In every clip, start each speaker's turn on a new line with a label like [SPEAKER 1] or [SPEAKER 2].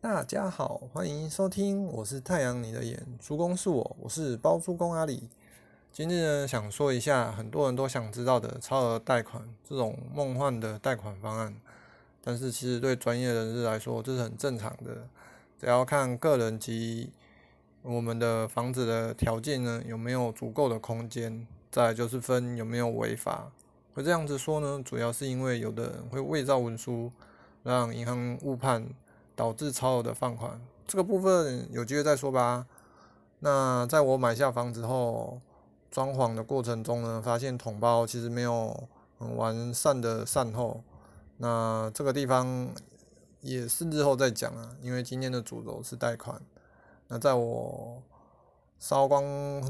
[SPEAKER 1] 大家好，歡迎收聽，我是太陽你的眼，朱公是我，我是包租公阿里。今天呢，想說一下很多人都想知道的超額貸款這種夢幻的貸款方案，但是其實對專業人士來說這是很正常的，只要看個人及我們的房子的條件呢，有沒有足夠的空間，再來就是分有沒有違法。會這樣子說呢，主要是因為有的人會偽造文書，讓銀行誤判。導致超額的放款，這個部分有機會再說吧。那在我買下房子後，裝潢的過程中呢，發現統包其實沒有很完善的善後，那這個地方也是日後再講啊，因為今天的主軸是貸款。那在我燒光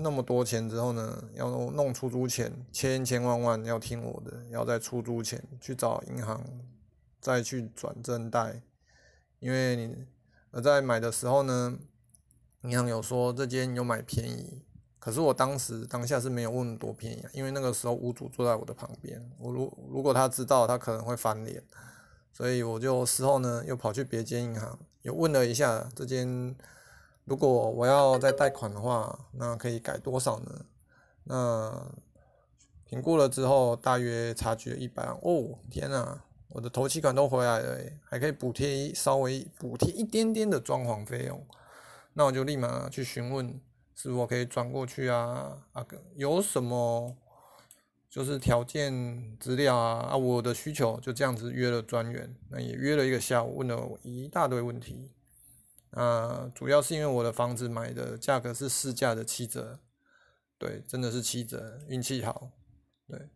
[SPEAKER 1] 那麼多錢之後呢，要弄出租錢，千千萬萬要聽我的，要在出租前去找銀行，再去轉正貸。因為你我在買的時候呢，銀行有說這間有買便宜，可是我當時當下是沒有問多便宜啊，因為那個時候屋主坐在我的旁邊，我如如果他知道，他可能會翻臉，所以我就事後呢又跑去別間銀行，又問了一下這間，如果我要再貸款的話，那可以改多少呢？那評估了之後，大約差距一百萬哦，天吶！我的頭期款都回來了，欸，還可以補貼一稍微補貼一點點的裝潢費用，那我就立馬去詢問，是我可以轉過去啊啊，有什麼就是條件資料啊啊，我的需求就這樣子，約了專員，那也約了一個下午，問了我一大堆問題。啊，主要是因為我的房子買的價格是市價的七折，對，真的是七折，運氣好，對。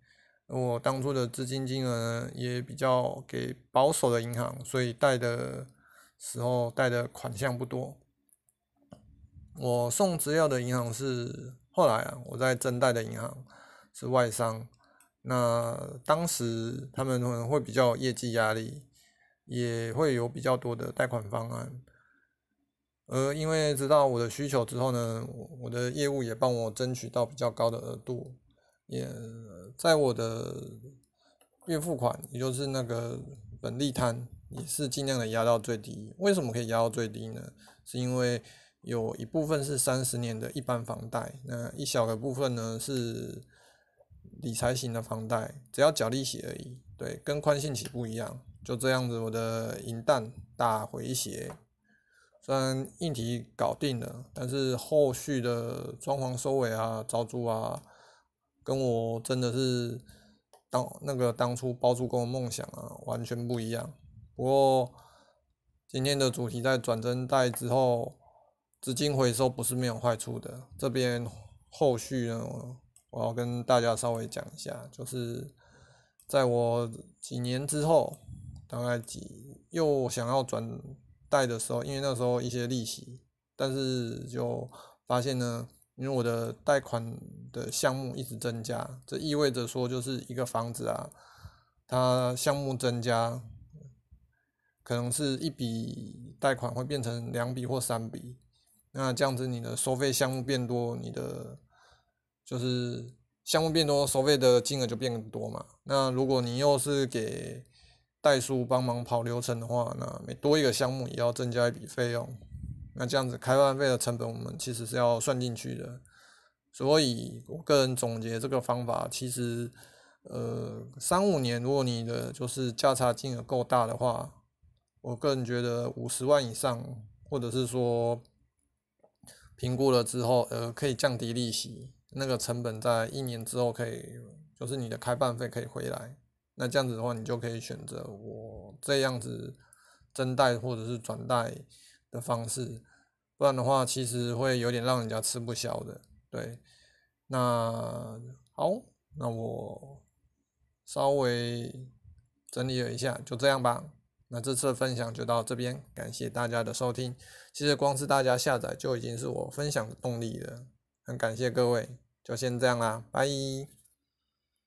[SPEAKER 1] 我當初的資金金額呢，也比較給保守的銀行，所以貸的時候貸的款項不多。我送資料的銀行是後來啊，我在增貸的銀行是外商，那當時他們可能會比較有業績壓力，也會有比較多的貸款方案。而因為知道我的需求之後呢，我的業務也幫我爭取到比較高的額度。也、yeah, 在我的月付款，也就是那個本利攤，也是盡量的壓到最低。為什麼可以壓到最低呢？是因為有一部分是三十年的一般房貸，那一小的部分呢是理財型的房貸，只要繳利息而已。對，跟寬限期不一樣。就這樣子，我的銀彈打回血，雖然硬體搞定了，但是後續的裝潢收尾啊、招租啊。跟我真的是當那個當初包租公的夢想啊，完全不一樣。不過今天的主題在轉增貸之後，資金回收不是沒有壞處的。這邊後續呢，我要跟大家稍微講一下，就是在我幾年之後，大概幾又想要轉貸的時候，因為那時候一些利息，但是就發現呢，因為我的貸款。的項目一直增加，這意味着說，就是一個房子啊，它項目增加，可能是一筆貸款會變成兩筆或三筆，那這樣子你的收費項目變多，你的就是項目變多，收費的金額就變多嘛。那如果你又是給代書幫忙跑流程的話，那每多一個項目也要增加一筆費用，那這樣子開發費的成本我們其實是要算進去的。所以，我個人總結這個方法，其實，呃，三五年，如果你的就是價差金額夠大的話，我個人覺得五十萬以上，或者是說評估了之後，呃，可以降低利息，那個成本在一年之後可以，就是你的開辦費可以回來。那這樣子的話，你就可以選擇我這樣子增貸或者是轉貸的方式，不然的話，其實會有點讓人家吃不消的。對，那好，那我稍微整理了一下，就這樣吧。那這次分享就到這邊，感謝大家的收聽。其實光是大家下載就已經是我分享的動力了，很感謝各位，就先這樣啦，拜。